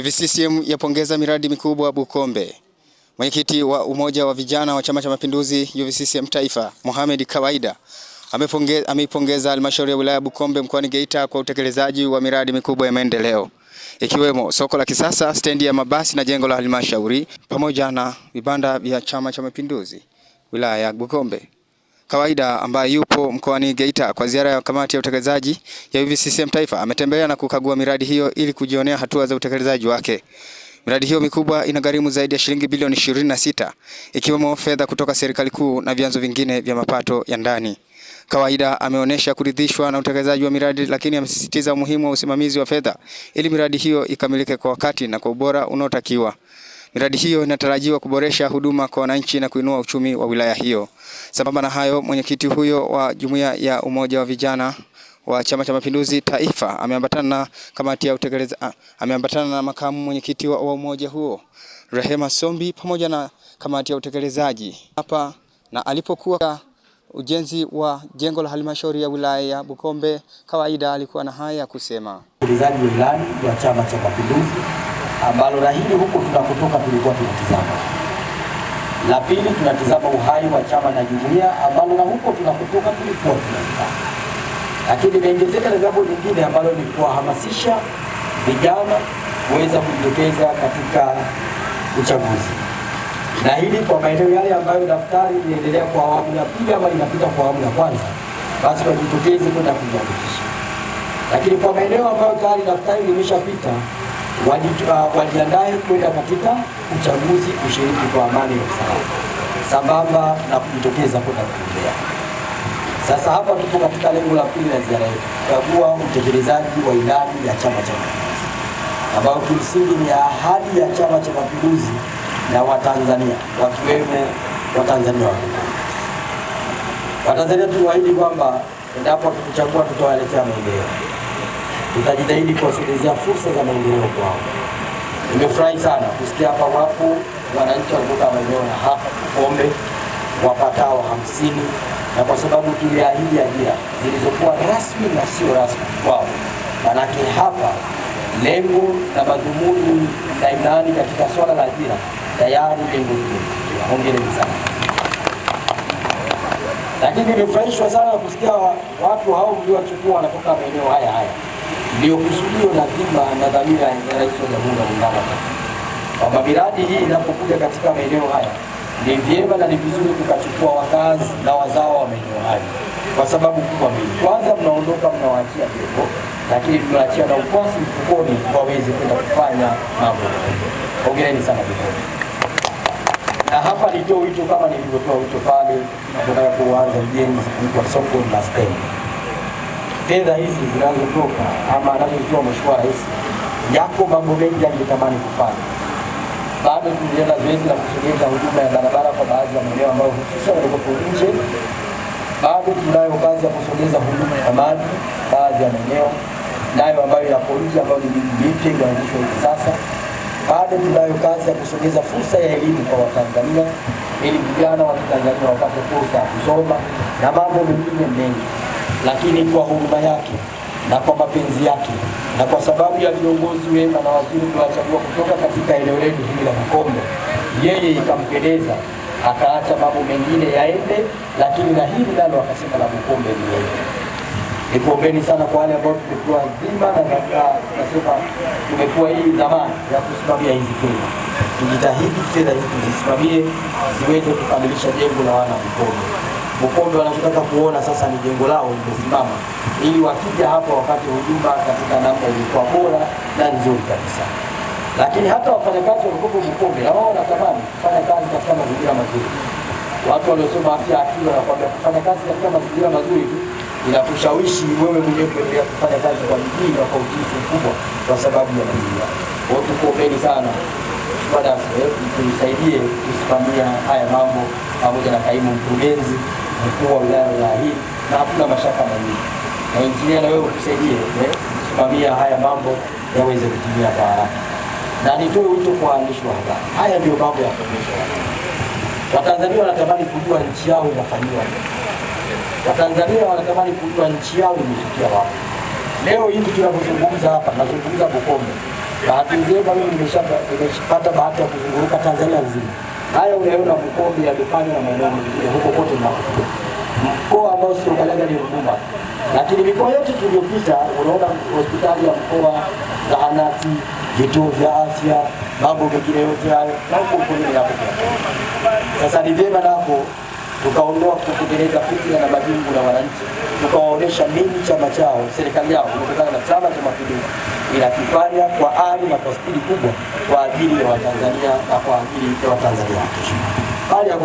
UVCCM yapongeza miradi mikubwa Bukombe. Mwenyekiti wa Umoja wa Vijana wa Chama cha Mapinduzi UVCCM Taifa, Mohamed Kawaida ameipongeza halmashauri ya wilaya Bukombe mkoani Geita kwa utekelezaji wa miradi mikubwa ya maendeleo ikiwemo soko la kisasa, stendi ya mabasi na jengo la halmashauri pamoja na vibanda vya Chama cha Mapinduzi wilaya ya Bukombe kawaida ambaye yupo mkoani Geita kwa ziara ya kamati ya utekelezaji ya UVCCM Taifa ametembelea na kukagua miradi hiyo ili kujionea hatua za utekelezaji wake. Miradi hiyo mikubwa inagharimu zaidi ya shilingi bilioni 26 ikiwemo fedha kutoka serikali kuu na vyanzo vingine vya mapato ya ndani. Kawaida ameonyesha kuridhishwa na utekelezaji wa miradi, lakini amesisitiza umuhimu wa usimamizi wa fedha ili miradi hiyo ikamilike kwa wakati na kwa ubora unaotakiwa. Miradi hiyo inatarajiwa kuboresha huduma kwa wananchi na kuinua uchumi wa wilaya hiyo. Sambamba na hayo, mwenyekiti huyo wa Jumuiya ya Umoja wa Vijana wa Chama cha Mapinduzi Taifa ameambatana na kamati ya utekelezaji, ah, ameambatana na makamu mwenyekiti wa, wa umoja huo Rehema Sombi pamoja na kamati ya utekelezaji hapa na alipokuwa ujenzi wa jengo la halmashauri ya wilaya ya Bukombe, kawaida alikuwa na haya ya kusema. Utekelezaji wa ilani ya Chama cha Mapinduzi ambalo na hili huko tunakotoka tulikuwa tunatizama. La pili tunatizama uhai wa chama na jumuiya ambalo na huko tunakotoka tulikuwa tunatizama, lakini imeongezeka na jambo lingine ambalo ni kuwahamasisha vijana kuweza kujitokeza katika uchaguzi, na hili kwa maeneo yale ambayo daftari linaendelea kwa awamu ya pili ama linapita kwa awamu ya kwanza, basi wajitokeze kwenda kujiandikisha, lakini kwa maeneo ambayo tayari daftari limeshapita wajiandae uh, kwenda katika uchaguzi kushiriki kwa amani na usalama sambamba na kujitokeza kwenda kugombea. Sasa hapa tuko katika lengo la pili la ziara yetu, kukagua utekelezaji wa ilani ya Chama cha Mapinduzi ambayo kimsingi ni ahadi ya Chama cha Mapinduzi na Watanzania wakiwemo Watanzania wa Watanzania tuwaahidi kwamba endapo tukuchagua tutawaletea maendeleo Nitajitahidi kuwasogezea fursa za maendeleo kwao. Nimefurahi sana kusikia hapa wapo wananchi kutoka maeneo ya hapa Bukombe wapatao hamsini, na kwa sababu tuliahidi ajira zilizokuwa rasmi na sio rasmi kwao, manake hapa lengo na madhumuni na imani katika swala la ajira tayari lengo hilo. Hongereni sana. Lakini nimefurahishwa sana kusikia watu hao mliowachukua wanatoka maeneo haya haya ndio kusudio na dhima na dhamira ya Rais wa Jamhuri ya Muungano wa kwamba miradi hii inapokuja katika maeneo haya ni vyema na ni vizuri tukachukua wakazi na wazao wa maeneo haya kwa sababu kubwa mbili. Kwanza, mnaondoka mnawaachia pepo, lakini mnawaachia na ukwasi mfukoni waweze kwenda kufanya mambo. Hongereni sana vikosi. Na hapa nitoa wito kama nilivyotoa wito pale tunataka kuanza ujenzi wa soko la stendi fedha hizi zinazotoka ama anazotoa Mheshimiwa Rais, yako mambo mengi angetamani kufanya. Bado tulienda zoezi la kusogeza huduma ya barabara kwa baadhi ya maeneo ambayo hususan yalikuwa nje. Bado tunayo kazi ya kusogeza huduma ya maji baadhi ya maeneo nayo ambayo yapo nje, ambayo ni mipya inaanzishwa hivi sasa. Bado tunayo kazi ya kusogeza fursa ya elimu kwa Watanzania ili vijana wa Tanzania wapate fursa ya kusoma na mambo mengine mengi lakini kwa huruma yake na kwa mapenzi yake na kwa sababu ya viongozi wema na waziri kuwachagua kutoka katika eneo letu hili la Bukombe, yeye ikampendeza akaacha mambo mengine yaende, lakini na hili nalo akasema la Bukombe liende. Nikuombeni sana kwa wale ambao tumekuwa zima na tunasema tumekuwa hii zamani ya kusimamia hizi fedha, tujitahidi fedha hizi tuzisimamie ziweze kukamilisha jengo la wana Bukombe. Bukombe wanachotaka kuona sasa ni jengo lao limesimama, ili wakija hapa wapate huduma katika namna iliyokuwa bora na nzuri kabisa. Lakini hata wafanyakazi walikopo Bukombe na wao wanatamani kufanya kazi katika mazingira mazuri. Watu waliosoma afya akili wanakwambia kufanya kazi katika mazingira mazuri inakushawishi wewe mwenyewe kuendelea kufanya kazi kwa bidii na kwa utiifu mkubwa, kwa sababu ya mazingira. Kwa tukuombeni sana baada tusaidie kusimamia haya mambo pamoja na kaimu mkurugenzi mkuu wa wilaya ya hii, na hakuna mashaka na hii na injinia, na wewe utusaidie eh, kusimamia haya mambo yaweze kutimia kwa haraka. Na nitoe wito kwa waandishi wa habari, haya ndio mambo ya kuonyesha Watanzania wanatamani kujua nchi yao inafanyiwa Watanzania wanatamani kujua nchi yao imefikia wapi. Leo hivi tunavyozungumza hapa, nazungumza Bukombe. Bahati nzuri mimi nimeshapata bahati ya kuzunguka Tanzania nzima. Haya unaona Bukombe yamefanywa na maeneo mengine huko kote na mkoa ambao siukanyaga ni Ruvuma, lakini mikoa yote tuliyopita, unaona hospitali ya mkoa, zahanati, vituo vya afya, mambo mengine yote hayo na huko huko. Sasa ni vyema nako tukaondoa kutengeneza fitina na majungu na wananchi, tukawaonesha nini chama chao serikali yao kutokana na Chama cha Mapinduzi inakifanya kwa ari na kwa spidi kubwa kwa ajili ya Watanzania na kwa ajili ya Watanzania.